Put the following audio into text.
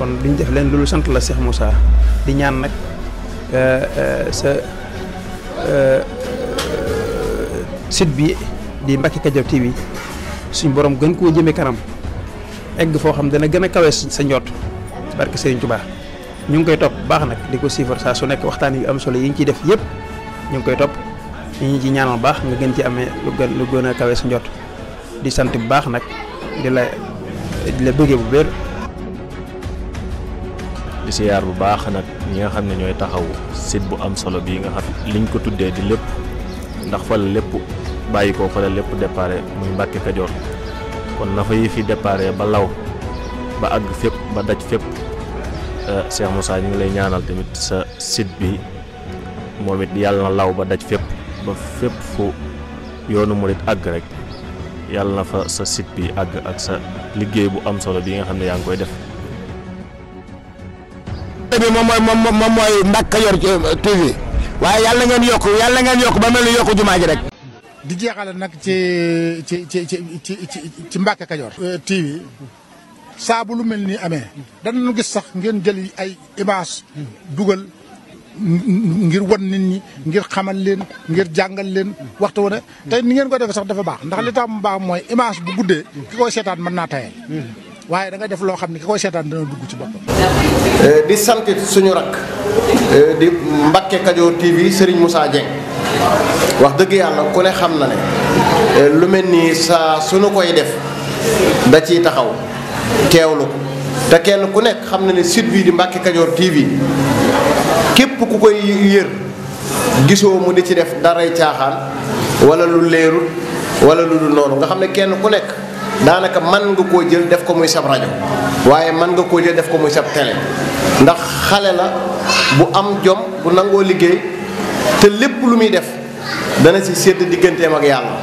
kon duñ def leen loolu sant la Cheikh Moussa di ñaan nag euh, euh, sa euh, site bi di Mbacke Kadior TV suñ borom gën koo jëmee kanam egg foo xam dana gën a kawe sa njoot barke Serigne Touba ñu ngi koy topp baax nag di ko suivre saa su nekk waxtaan yu am solo yi ñu ciy def yëpp ñu ngi koy topp ñu ngi ci ñaanal baax nga gën ci amee lu gën lu gën a kawe sa njoot di sant bu baax nag di la la bëggee bu béer di siyaar bu baax nag ñi nga xam ne ñooy taxaw site bu am solo bii nga xam liñ ko tuddee di lépp ndax fa la lépp bàyyi ko fa la lépp déparé muy Mbàkke Kajoor kon na yi fi déparé ba law ba àgg fépp ba daj fépp eh, Cheikh mosaa ñu ngi lay ñaanal tamit sa site bi moom it yàlla na law ba daj fépp ba fépp fu yoonu murit àgg rek yàlla na fa sa site bi àgg ak sa liggéey bu am solo bi nga xam ne yaa ngi koy def bi moom mooy moom moom mooy Mbacke Kadior euh, TV waaye yàlla ngeen yokk yàlla ngeen yokk ba mel ni yokk jumaa ji rek. di jeexale nag ci ci ci ci ci ci Mbacke Kadior euh, TV saa bu lu mel nii amee danañu gis sax ngeen jël ay image dugal ngir wan nit ñi ngir xamal leen ngir jàngal leen waxtu wu ne tey ni ngeen ko defee sax dafa baax ndax li tax mu baax mooy image bu guddee ki koy seetaan mën naa tayal waaye da nga def loo xam ne ki koy seetaan dana dugg ci boppam. Eh, di sant suñu rakk eh, di Mbacke Kadior TV Serigne Moussa Dieng wax dëgg yàlla ku ne xam na ne eh, lu mel ni sa suñu koy def da ciy taxaw teewlu ko te kenn ku nekk xam na ne site bii di Mbacke Kadior TV képp ku koy yër gisoo mu di ci def daray caaxaan walla lu leerul wala lu dul noonu nga xam ne kenn ku nekk. daanaka man nga koo jël def ko muy sab rajo waaye man nga koo jël def ko muy sab télé ndax xale la bu am jom bu nangoo liggéey te lépp lu muy def dana ci sédd digganteem ak yàlla